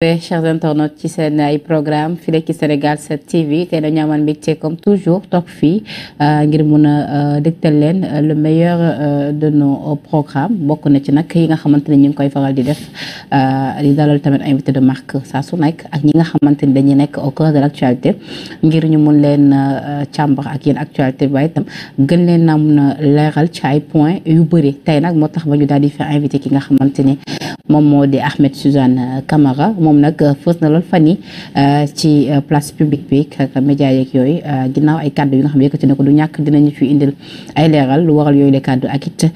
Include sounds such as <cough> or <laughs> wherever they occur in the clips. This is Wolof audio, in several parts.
chers internautes ci seen ay programme fii la ci Sénégal 7 TV te dañu amal mbégte comme toujours toog fii euh, ngir mun a euh, dégtal leen euh, le meilleur de nos programme bokk na ci nag yi nga xamante ne ñu ngi koy faral di def di dalal tamit invité de marque saa su nekk ak ñi nga xamante ni dañuy nekk au cœur de l'actualité ngir ñu mun leen càmbar ak yéen actualité bi waaye itam gën leen naa mun a leeral ci ay point yu bëri tey nag moo tax ba ñu daal di fi invité ki nga xamante ni moom moo di Ahmed Suzanne euh, Camara moom nag euh, fës na lool fan yi euh, ci place publique bi ak média yeeg yooyu ginnaaw ay kàddu yu nga xam ne yëkkati na ko du ñàkk dinañu fi indil ay leeral lu waral yooyu le kàddu ak it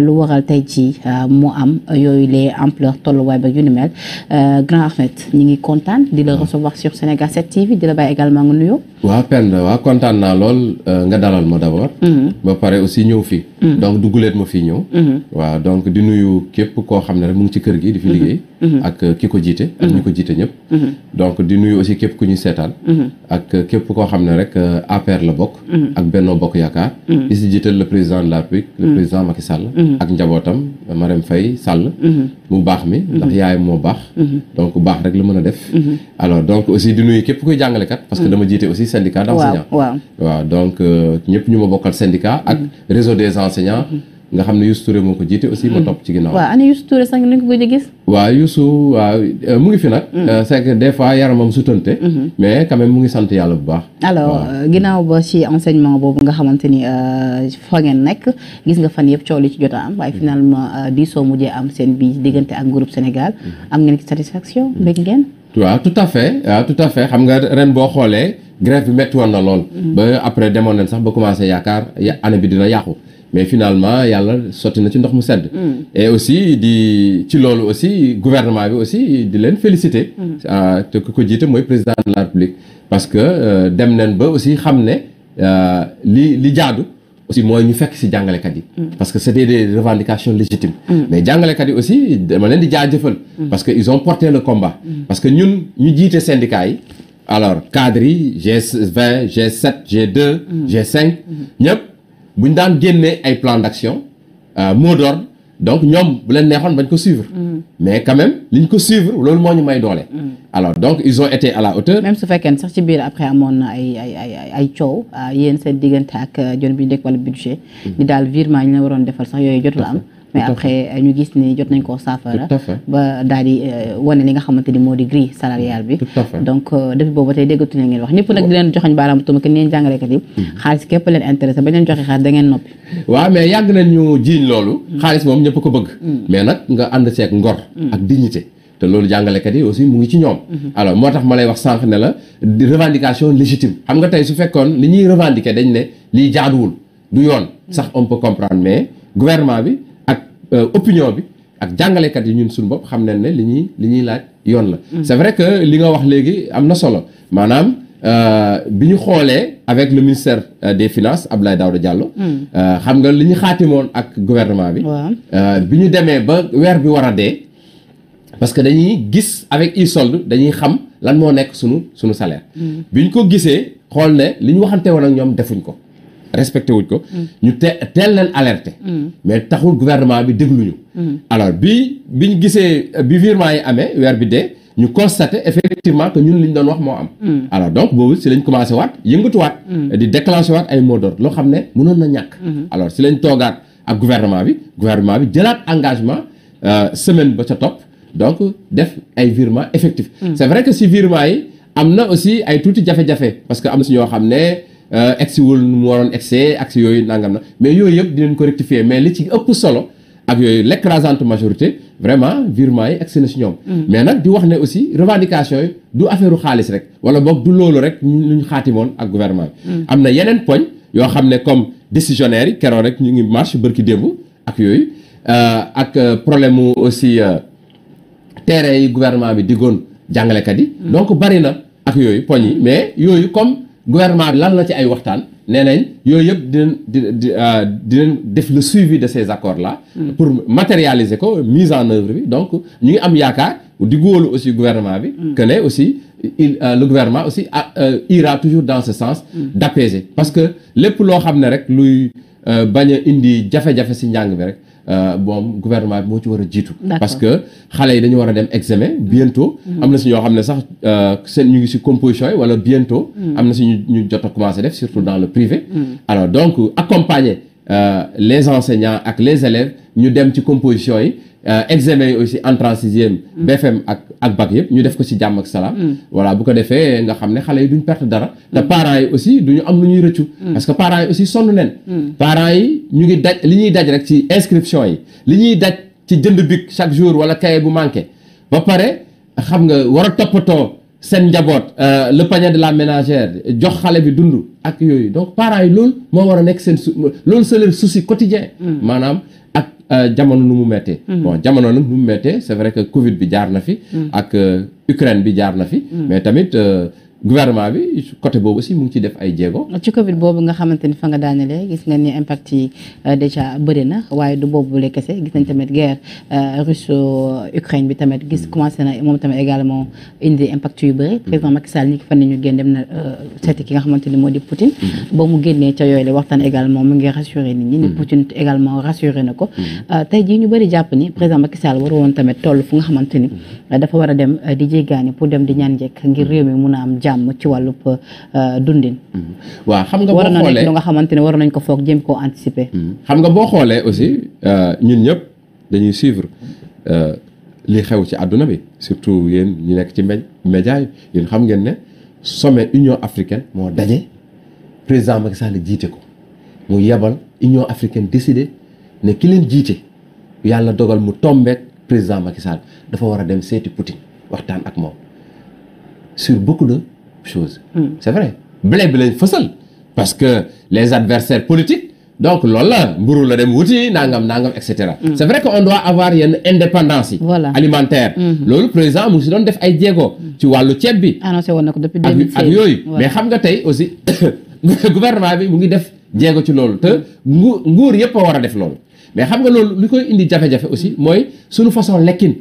lu waral tey ji mu am yooyu les ampleur tolluwaay ba yu ni mel grand ngi kontaan di la recevoir sur Sénégal 7 TV di la bàyyi également nga nuyoo. waaw Penda waaw kontaan naa lool nga dalal ma d'abord. Mm-hmm. ba pare aussi ñëw fii. Mm-hmm. donc duguleet ma fii ñëw. Mm-hmm. waaw donc di nuyu képp koo xam ne rek kër gi di fi mhm. liggéey mhm. ak euh, ki ko jiite ak mhm. ñi ko jiite ñëpp donc di nuyu aussi képp ku ñu seetaan ak euh, képp koo xam ne rek euh, APR la bokk ak Benno Bokk Yaakaar di si jiital le président de la République le président Macky Sall ak njabootam ma Marème fay sàll mu baax mi ndax yaay moo baax donc baax rek la mën a def alors donc aussi di nuyu képp kuy jàngalekat parce que dama jiite aussi syndicat d'enseignants waaw donc ñëpp ñu ma bokkal syndicat ak réseau des enseignants nga xam ne Youssou Touré moo ko jiite aussi ma mm. topp ci ginnaaw. waaw ana Youssou Touré sax ni ko gëj a gis. waaw Youssou waaw euh, mu ngi fi nag. Mm. Euh, c'est que des fois yaramam sutante. Mm-hmm. mais quand mu ngi sant yàlla bu baax. alors euh, ginnaaw ba ci enseignement boobu nga xamante ni fa ngeen nekk gis nga fan yëpp coow li ci jot a am waaye mm. finalement diisoo mujjee am seen bi diggante ak groupe Sénégal mm-hmm. am ngeen ci satisfaction mbég mm-hmm. ngeen. waaw tout à fait waaw tout à fait xam nga ren boo xoolee grève bi métti woon na lool. ba après demoon nañ sax ba commencé yaakaar année bi dina yàqu. mais finalement yàlla sotti na ci ndox mu sedd. Mm. et aussi di ci loolu aussi gouvernement bi aussi di leen féliciter. Mm. Ah, te ku ko jiite mooy président de la République. parce que euh, dem nañ ba aussi xam ne euh, li li jaadu. aussi mooy ñu fekk ci jàngalekat yi. Mm. parce que c'était des revendications légitimes. mais jàngalekat yi aussi dama leen di jaa jaajëfal. parce que ils ont porté le combat. parce que ñun ñu jiite syndicats yi. alors cadre yi G20 G7 G2. g cinq ñëpp. bu ñu daan génnee ay plan d'action euh, mot d'ordre donc ñoom bu leen neexoon bañ ko suivre. Mm. mais quand même liñ ko suivre loolu moo ñu may doole. Mm. alors donc ils ont été à la hauteur. même su fekkee sax ci biir après amoon na ay ay ay ay coow euh, yéen seen diggante ak euh, jon bi ñu dëkk wala budget. Mm. ni daal virement ñu la waroon defal sax yooyu jotul am. mais après ñu gis ni jot nañ koo saafara ba daal di euh, wane li nga xamante ni moo di grille bi donc euh, depuis boobu tey déggatu ngeen wax ñëpp nag di leen joxoñ baaraam tuuma que neen jàngalekat hmm. xaalis képp leen intéressé ba leen joxe xaalis da noppi waaw mais yàgg nañ ñu jiiñ loolu hmm. xaalis moom ñëpp ko bëgg hmm. mais nag nga ànd seeg ngor ak dignité te loolu jàngalekat yi aussi mu ngi ci ñoom. alors moo tax ma lay wax sànq ne la revendication légitime. nga tey su fekkoon li ñuy revendiquer dañ ne lii jaaduwul du yoon. sax on peut Euh, opinion bi ak jàngalekat yi ñun suñu bopp xam nañ ne li ñuy li ñuy laaj yoon la. Mm. c'est vrai que li nga wax léegi am na solo maanaam euh, bi ñu xoolee avec le ministère euh, des finances daaw Daouda Diallo. Mm. xam nga li ñu xaatimoon ak gouvernement bi. bi ñu demee ba weer bi war a dee. parce que dañuy gis avec i solde dañuy xam lan moo nekk sunu sunu salaire. Mm. bi ñu ko gisee xool ne li ñu waxante woon ak ñoom defuñ ko. respecté wuñ ko. Mm. ñu te teel leen alerté. Mm. mais taxul gouvernement bi dégluñu. Mm. alors bi bi ñu gisee bi virement yi amee weer bi dee ñu constaté effectivement que ñun ñu doon wax moo am. alors donc boobu si lañ commencé waat yëngatuwaat. di déclenché waat ay mot d'ordre loo xam ne mënoon na ñàkk. Mm-hmm. alors si lañ toogaat ak guvernement bi gouvernement bi jëlaat engagement euh, semaine ba ca topp donc def ay virement effectif. c'est vrai que si virement yi am na aussi ay tuuti jafe parce que am na xam ne. Euh, egsi wul nu mu waroon egsee yooyu nangam na mais yooyu yëpp dinañ ko rectifier mais li ci ëpp solo ak yooyu l'écrasante majorité vraiment virement yi egsi na si ñoom. Mm. mais nag di wax ne aussi revendication yi du affaire xaalis rek wala boog du loolu rek ñu ñu xaatimoon ak guvernement bi. Mm. am na yeneen poñ yoo xam ne comme décisionnaire yi keroog rek ñu ngi marche bërki démb ak yooyu euh, ak euh, problème mu aussi terrain yi gouvernement bi diggoon jàngalekat yi. Mm. donc bari gouvernement bi lan la ci ay waxtaan nee nañ yooyu yëpp dinañ di euh, dinañ def le suivi de ces accords la mm. pour matérialiser ko mise en neuvre bi donc ñu ngi am yaakaar di góolu aussi gouvernement bi. Mm. que aussi il euh, le gouvernement aussi euh, ira toujours dans ce sens. Mm. d'apaiser parce que lépp loo xam ne rek luy bañ a indi jafe-jafe si njàng bi rek. moom euh, gouvernement bi moo ci war a jiitu. parce que xale yi dañu war a dem examen bientôt. Mhm. am na si ñoo xam ne sax euh, seen ñu ngi si composition yi wala bientôt. Mhm. am na si ñu ñu jot a commencé def surtout dans le privé. Mhm. alors donc accompagner euh, les enseignants ak les élèves ñu dem ci composition yi. Euh, examen yi aussi entrant sixième BFM mm. ak ak bac yëpp ñu def ko ci jàmm ak salaam mm. voilà bu ko defee nga xam ne xale yi duñ perte dara mm. te parents yi aussi duñu am lu ñuy rëccu parce que parents yi aussi sonn leen parents yi ñu ngi daj li ñuy daj rek ci inscription yi li ñuy daj ci jënd bic chaque jour wala cahier bu manqué ba pare xam nga war a toppatoo seen njaboot euh, le panier de la ménagère jox xale bi dund ak yooyu donc parents yi loolu moo war a nekk seen su loolu c'est maanaam Euh, jamono nu mu méttee. Mm. bon jamono nag nu mu méttee c'est vrai que Covid bi jaar na fi. Mm. ak euh, Ukraine bi jaar na fi. Mm. mais tamit. Euh, gouvernement bi côté boobu aussi mu ngi ci def ay jéego. ci Covid boobu nga xamante ni fa nga daanelee gis nga ni impact yi euh, déjà bëri na waaye du boobu la kese gis nañ tamit guerre euh, russo-ukraine bi tamit gis mm. commencé na moom tamit également indi impact yu bëri. Mm. président Macky Sall ñi fan ñu génn dem na euh, seeti ki nga xamante ni moo di Poutine. Mm. ba mu génnee ca yooyu la waxtaan également mu ngi rassuré nit ñi. ni Poutine également rassuré na ko. tey jii ñu bëri jàpp ni président Macky Sall waru woon tamit toll fu nga xamante ni dafa war a dem di jéggaani pour dem di ñaan njëkk ngir réew mi mun a am jàmm ci wàllub euh, dundin. Mm-hmm. waaw xam nga boo xoolee war na nekk nga xamante ne war nañ ko foog jéem koo anticiper. Mm-hmm. xam nga boo xoolee aussi euh, ñun ñëpp dañuy suivre euh, li xew ci àdduna bi surtout yéen ñu nekk ci média yi xam ngeen ne some Union africaine moo daje président Macky Sall jiite ko mu yebal Union africaine décidé ne ki jiite yàlla dogal mu tombeek président Macky Sall dafa war a dem seeti Poutine waxtaan ak moom sur beaucoup de chose. Hmm. c'est vrai blé bi lañ parce que les adversaires politiques donc loolu la mburu la dem wuti nangam nangam et cetera. Hmm. c'est vrai que on doit avoir yenn indépendance yi. voilà alimentaire. Hmm. loolu président mu ngi si doon def ay jéego. ci wàllu ceeb bi. annoncé woon na ko depuis 2016 ak yooyu. mais xam nga tey aussi <coughs> gouvernement bi mu ngi def jéego ci loolu te nguur nguur yëpp a war a def loolu. mais xam nga loolu li koy indi jafe-jafe aussi mooy sunu façon lekkin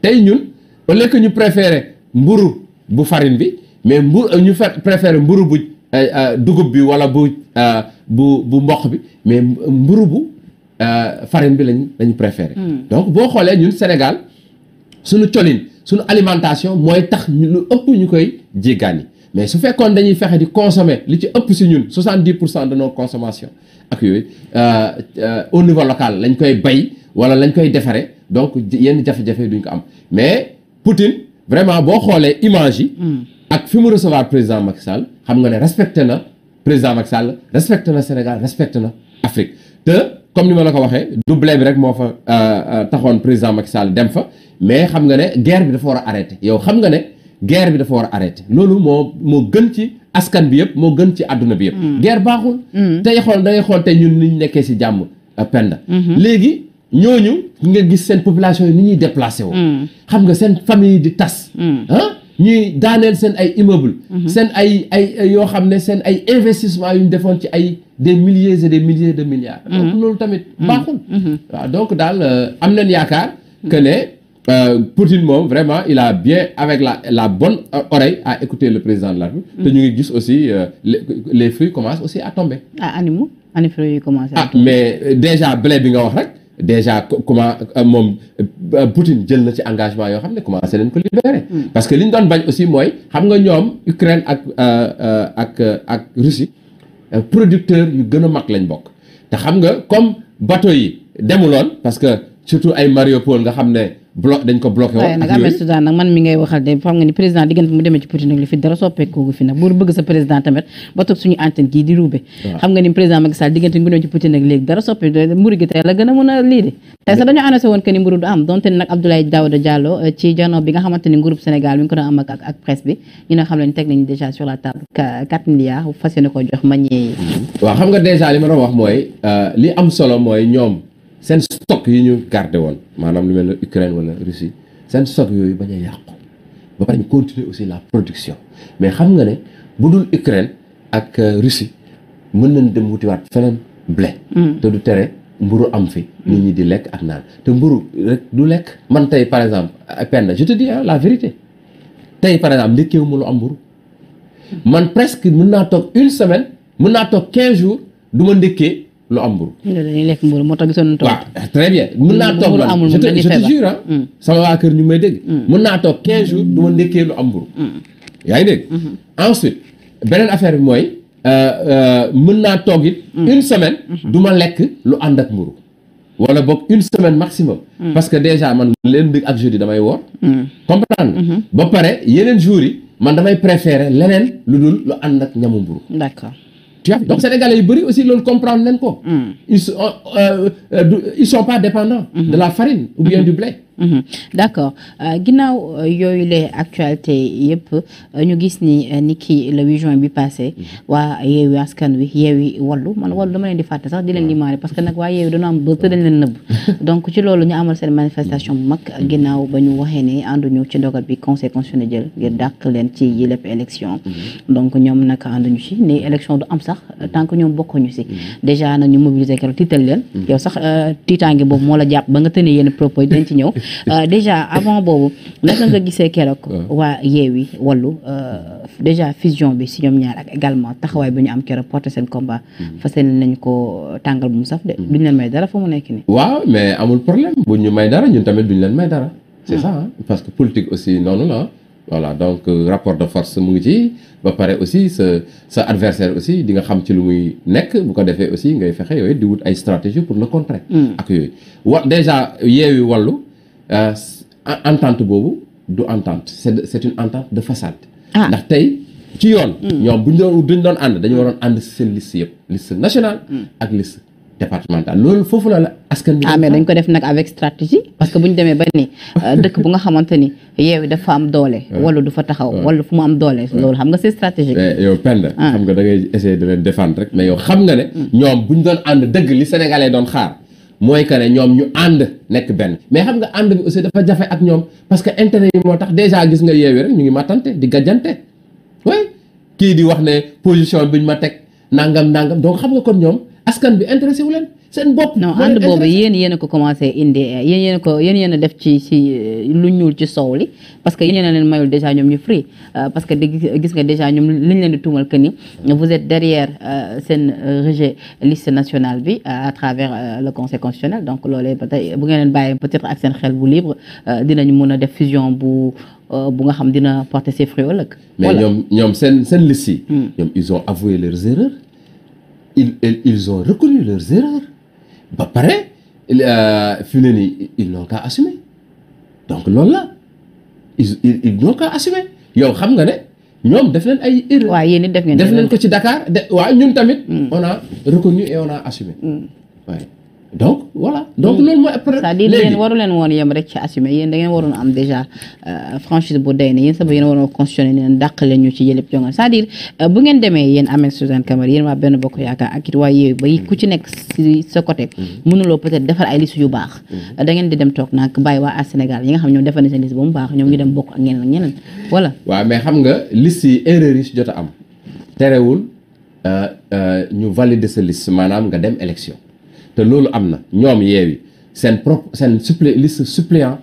tey ñun au lieu ñu préférer mburu bu farine bi. mais mbur euh, ñu fe préféré mburu bu euh, euh, dugub bi wala bu bu bu mboq bi mais mburu bu farine bi lañ lañ préféré hmm. donc boo xoolee ñun Sénégal suñu colin suñu alimentation mooy tax lu ëpp ñu koy jéggaani mais su fekkoon dañuy fexe di consommer li ci ëpp si ñun 70 pour cent de nos consommations ak yooyu au niveau local lañ koy bay wala lañ koy defaree donc yenn jafe-jafe duñ ko am mais Poutine vraiment boo xoolee image yi hmm. ak fi mu recevoir président Macky Sall xam nga ne respecté na président Macky Sall respecté na Sénégal respecté na Afrique te comme ni ma la ko waxee du blé bi rek moo fa euh, euh, taxoon président Macky Sall dem fa mais xam nga ne guerre bi dafa war a arrêté yow xam nga ne guerre bi dafa war a arrêté loolu moo moo gën ci askan bi yëpp moo gën ci àdduna bi yëpp. Mm. guerre baaxul. Mm. tey xool da xool tey ñu ni ñu nekkee si jàmm euh, penda mm-hmm. léegi ñooñu nga gis seen population yi ni ñuy déplacé mm. xam nga seen famille di tas. ah ñuy daaneel seen ay immeuble mhm. seen ay ay yoo xam ne seen ay investissement yu ñu defoon ci ay des milliers des milliers de milliards mhm. donc loolu tamit mhm. baaxul donc daal euh, am nañ yaakaar que ne Euh, Poutine moom vraiment il a bien avec la la bonne euh, oreille à écouter le président de la République. te ñu ngi gis aussi euh, les, les fruits commencent aussi à tomber. ah animaux ani fruits yi commencé. à ah, mais euh, déjà blé bi nga wax rek. déjà comment euh, moom euh, Poutine jël na ci engagement yoo xam ne commencé nañ ko libérer. Mm. parce que li ñu doon bañ aussi mooy xam nga ñoom Ukraine ak euh, ak ak Russie producteur yu gën a mag lañ bokk. te xam nga comme bateau yi demuloon parce que surtout ay Mariupol nga xam ne. blo dañ ko bloqué woon. nag Ahmed Suzane nag man mi ngay waxal de xam nga ni président diggante mu demee ci Poutine nag li dara soppeekoogu fi gi tey a mën a lii de tey sax dañoo annoncé woon que ni mburu du am donte nag Abdoulaye euh, nga xamante ni groupe Sénégal mi ngi ko ne xam ne teg nañu déjà sur la table quatre milliards ko jox ma ñee waaw xam nga déjà li ma doon wax mooy euh, li am solo mooy ñoom seen stock yi ñu gardé woon maanaam lu mel ne Ukraine wala Russie seen stock yooyu bañ yàqu ba pare ñu continuer aussi la production mais xam nga ne bu dul Ukraine ak euh, Russie mën nañ dem wutiwaat feneen blé. Mm. te du tere mburu am fi. Mm. nit ñi di lekk ak naan te mburu du lekk. man tey par exemple Penda je te ah la vérité tey par exemple ndekkeewu ma lu am mburu mm. man presque mun naa toog une semaine mën naa toog quinze jours du ma ndekkee lu am mburu. loolu moo tax seen toog. waaw très bien mun naa toog man je te jure ah, mm. waa kër ñu may dégg. mun mm. naa toog 15 jours du ma ndekkee lu am mburu. Mm. yaa ngi dégg. Mm-hmm. ensuite beneen affaire bi mooy euh, euh, mën naa toog une semaine. Mm-hmm. du ma lekk lu ànd ak mburu. wala boog une semaine maximum. parce que déjà man leen lundi ak jeudi damay woor. comprendre nga. Mm-hmm. ba pare yeneen jour yi man damay préférer leneen lu dul lu ànd ak ñamu mburu. tu as vu donc sénégalais yu bëri aussi loolu comprendre nañ ko hmm. ils sont euh, euh, euh, ils sont pas dépendants hmm. de la farine ou bien hmm. du blé Mhm. d' accord euh, ginnaaw euh, yooyu les actualité yëpp euh, ñu gis ni ni kii le 8 juin bi passé mhm. waa yeewi askan wi yeewi wallu man wallu dama leen di fàtte sax di leen limaale parce que nag waa yeewi dañoo am bës te dañ leen nëbb <laughs> donc ci loolu ñu amal seen manifestation bu mag mhm. ginnaaw ba ñu waxee ne ànduñu ci ndogal bi conseil constitutionnel jël ngir dàq leen ci yilep élection donc ñoom nag ñu ci ne élection du am sax tant que ñoom ñu si déjà nag ñu mobiliser keroog tiital leen yow sax tiitaange boobu moo la jàpp ba nga tënee yenn propos dañ ci ñëw <laughs> Euh, déjà avant boobu naka nga gisee keroog waa Yewwi Wallu euh, déjà fusion bi si ñoom ñaar ak également taxawaay bu ñu am keroog porté seen combat mm. fas yéene nañ ko tàngal bu mu saf de mm. duñ leen may dara fu mu nekk nii waaw mais amul problème buñ ñu may dara ñun tamit duñ leen may dara c'est ah. ça parce que politique aussi noonu la voilà donc euh, rapport de force mu ngi ci ba pare aussi sa sa adversaire aussi di nga xam ci lu muy nekk bu ko defee aussi ngay fexe yooyu di ay stratégie pour le contrer. Mm. ak yooyu Euh, entente boobu du entente c'est c'est une entente de façade ah. ndax tey ci yoon ñoom hmm. buñ doon duñ doon ànd dañu waroon ànd seen liste yëpp liste nationale hmm. ak liste départementale loolu foofu la la askan bi ah dañ ko def nag avec stratégie parce que bu ñu demee ba ni euh, <laughs> dëkk bu nga xamante ni yeewi dafa am doole wala du fa taxaw wala fu mu am doole loolu xam nga c'est stratégique yow Penda ah. xam nga da ngay essayer de rek mais yow xam nga ne hmm. ñoom buñ doon ànd dëgg li sénégalais doon xaar mooy que ne ñoom ñu ànd nekk benn mais xam nga ànd bi aussi dafa jafe ak ñoom parce que intérêt yi moo tax déjà gis nga yeewee rek ñu ngi mattante di gàjjante way kii di wax ne position bi ñu ma teg nangam nangam donc xam nga kon ñoom askan bi intéressé wu leen seen bopp. non ànd boobu yéen yéen ko commencé indi yéen yéen ko yéen yéen def ci ci euh, lu ñuul ci soow li parce que yéen a leen mayul déjà ñoom ñu free euh, parce que gis nga déjà ñoom liñ leen di tuumal que ni vous êtes derrière euh, seen rejet liste nationale bi à travers le conseil constitutionnel donc loolee ba tey bu ngeen leen bàyyee être ak seen xel bu libre dinañ mun a def fusion bu bu nga xam dina porter ses fruits ëllëg. mais ñoom seen seen liste yi. Hmm. ñoom ils ont avoué leurs erreurs. ils ont reconnu leurs erreurs. ba pare euh, fii ne nii ils n'ont qu'à donc loolu la ils ils n'ont yow xam nga ne ñoom def leen ay erreur. waaw yéen def ngeen def leen ko ci Dakar waa waaw ñun tamit. Mm. on a reconnu et assumé. Mm. donc voilà donc hmm. loolu mooy waru leen woon yem rek ci assumer yéen da ngeen waroon am déjà euh, franchise bu day ne yéen sax yéen waroon constitutionné ne leen ñu ci yëlëb jonga cest à euh, bu ngeen demee yéen Ahmed Suzanne Camara yéen waa benn bokk yaakaar ak it waa yooyu ba ku ci nekk si sa côté. Hmm. mënuloo peut-être defar ay liste yu baax. Hmm. dangeen ngeen di dem toog nag bàyyi waa à Sénégal yi nga xam ñoom defar nañ seen liste ba mu baax ñoom ñu dem bokk ak ñeneen ak waaw mais xam nga liste yi erreur yi si jot a am terewul euh, ñu valider sa liste maanaam nga dem élection te loolu am na ñoom yeewi seen propre seen supplé liste suppléant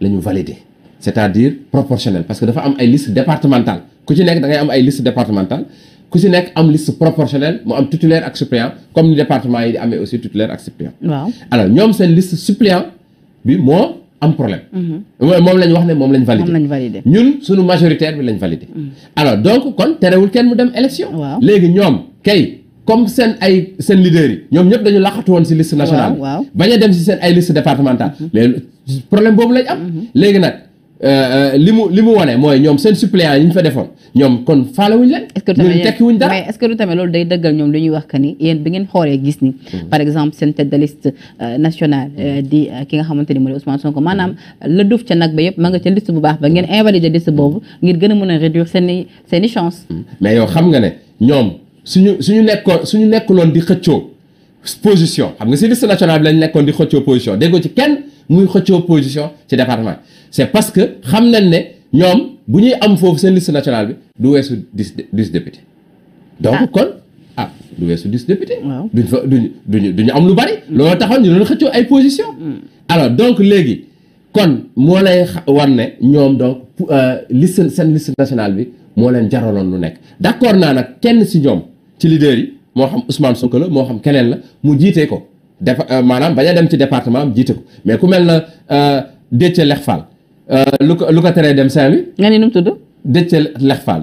la ñu validé cest a dire proportionnel parce que dafa am ay liste départementale ku ci nekk da ngay am ay liste départementale ku ci nekk am liste proportionnelle mu am titulaire ak suppléant comme ni département yi di amee aussi titulaire ak suppléant alors ñoom seen liste suppléant bi moo am problème mm-hmm. moom lañu wax ne moom lañ validé ñun suñu majoritaire bi lañ validé mm. alors donc kon terewul kenn mu dem élection léegi ñoom kay comme seen ay seen leaders yi ñoom ñëpp dañu laqatu woon si liste nationale bañ a dem si seen ay liste départementale mais mm-hmm. problème boobu lañ am mm-hmm. léegi nag euh, euh, li mu li mu wane mooy ñoom seen suppléant yi ñu fa defoon ñoom kon faalewuñ leen ñun tekkiwuñ dara mais est-ce loolu day dëggal ñoom lu ñuy wax que ni yéen bi ngeen xoolee gis ni mm-hmm. par exemple seen tête de national euh, nationale di ki nga xamante ni moo di Ousmane Sonko maanaam la duuf ca nag ba yëpp ma nga ca liste bu baax ba ngeen invalider liste boobu ngir gën a mën a réduire seen i seen chance mais yow xam nga ne ñoom suñu ñu nekkoon suñu nekkuloon di xëccoo position xam nga si liste nationale bi lañ nekkoon di xëccoo position déggoo ci kenn muy xëccoo position ci département c'est parce que xam nañ ne ñoom bu ñuy am foofu seen liste nationale bi du weesu dis dix député donc ah. kon ah du weesu dix du duñ fa duñ duñu duñu am lu bari mm. looloo taxoon ñu doon xëccoo ay position mm. alors donc léegi kon moo lay wan ne ñoom donc euh, liste seen liste nationale bi moo leen jaraloon lu nekk d'accord naa nag kenn si ñoom ci leader yi moo xam Ousmane Sonko la moo xam keneen la mu jiite ko def euh, maanaam bañ a dem ci département am jiite ko mais ku mel na euh, Déthié Lekh Fall euh, lu ko lu ko teree dem Saint-Louis. nga ni nu mu tudd. Déthié Lekh Fall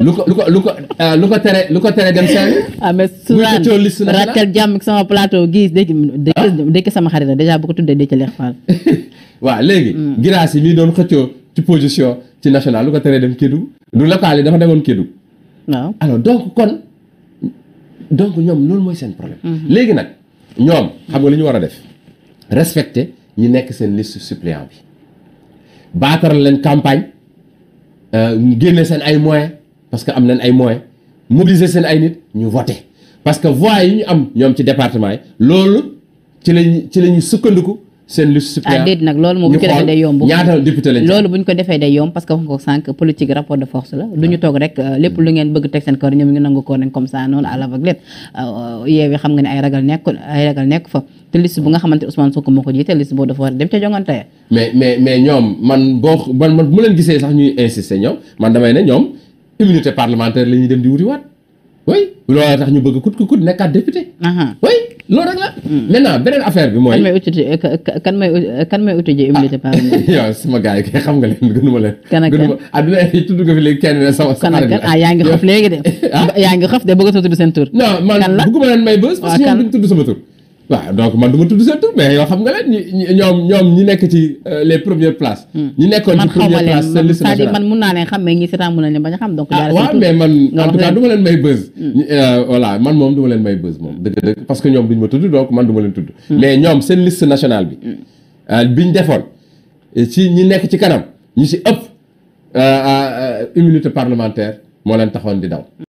lu ko lu ko lu ko lu ko tere lu ko tere dem Saint-Louis. ah mais Sourane Rakel jàmm sama plateau gii dëkk sama xarit la dèjà bu ko tuddee Déthié Lekh Fall. <laughs> waaw léegi. Mm. yi mii doon xëccoo ci position ci national lu ko teree dem Kédougou. du local yi dafa demoon Kédougou. waaw alors donc kon donc ñoom loolu mooy seen problème. Mhm. léegi nag ñoom xam nga lu ñu war a def respecter ñi nekk seen liste suppléant bi baataral leen campagne euh, génne seen ay moyens parce que am nañ ay moyens mobiliser seen ay nit ñu voter parce que voix yi ñu am ñoom ci département yi loolu ci lañ ci la sukkandiku. seen liste suppléant ah, déet nag loolu moom bu ñu ko defee day yomb parce que wax nga ko sànq politique rapport de force la du ah. toog rek euh, lépp lu ngeen bëgg teg seen kaw ñoom ñu nangu ko nañ comme ça euh, nga ne ay ragal nekk ay ragal te liste boobu dafa war dem ca jongante ya mais mais ñoom man boo man man bu leen gisee sax ñuy insister ñoom man damay ne ñoom immunité parlementaire la dem di wuti waat oui loolu tax ñu bëgg kut kut nekkaat député loolu rek la. maintenant beneen affaire bi mooy. kan may kan may utiliser immunité ah, parlementaire. <laughs> yow sama gars yi kay xam nga leen gënuma leen. kan ak kan adduna yi tudd nga fi léegi kenn ne sama. kan ak kan ah yaa ngi xof léegi de. <laughs> Ah. yaa ngi xof de bëgg a tudd seen tur. non man may bës. parce que ñoom duñ tudd waaw donc man du ma tudd seen tur mais yoo xam nga leen ñi ñoom ñoom ñi nekk ci euh, les premières place hmm. ñi nekkoon ci première man mun naa leen xam mais ñi si tàmm leen bañ a xam donc. Ah, man en leen may buzz. Hmm. Euh, voilà man moom du ma leen may buzz moom dëgg-dëgg parce que ñoom duñ ma tudd donc man du ma leen tudd. Hmm. mais ñoom seen liste nationale bi. Euh, biñ defoon ci ñi nekk ci kanam ñi si ëpp immunité parlementaire moo leen taxoon di daw.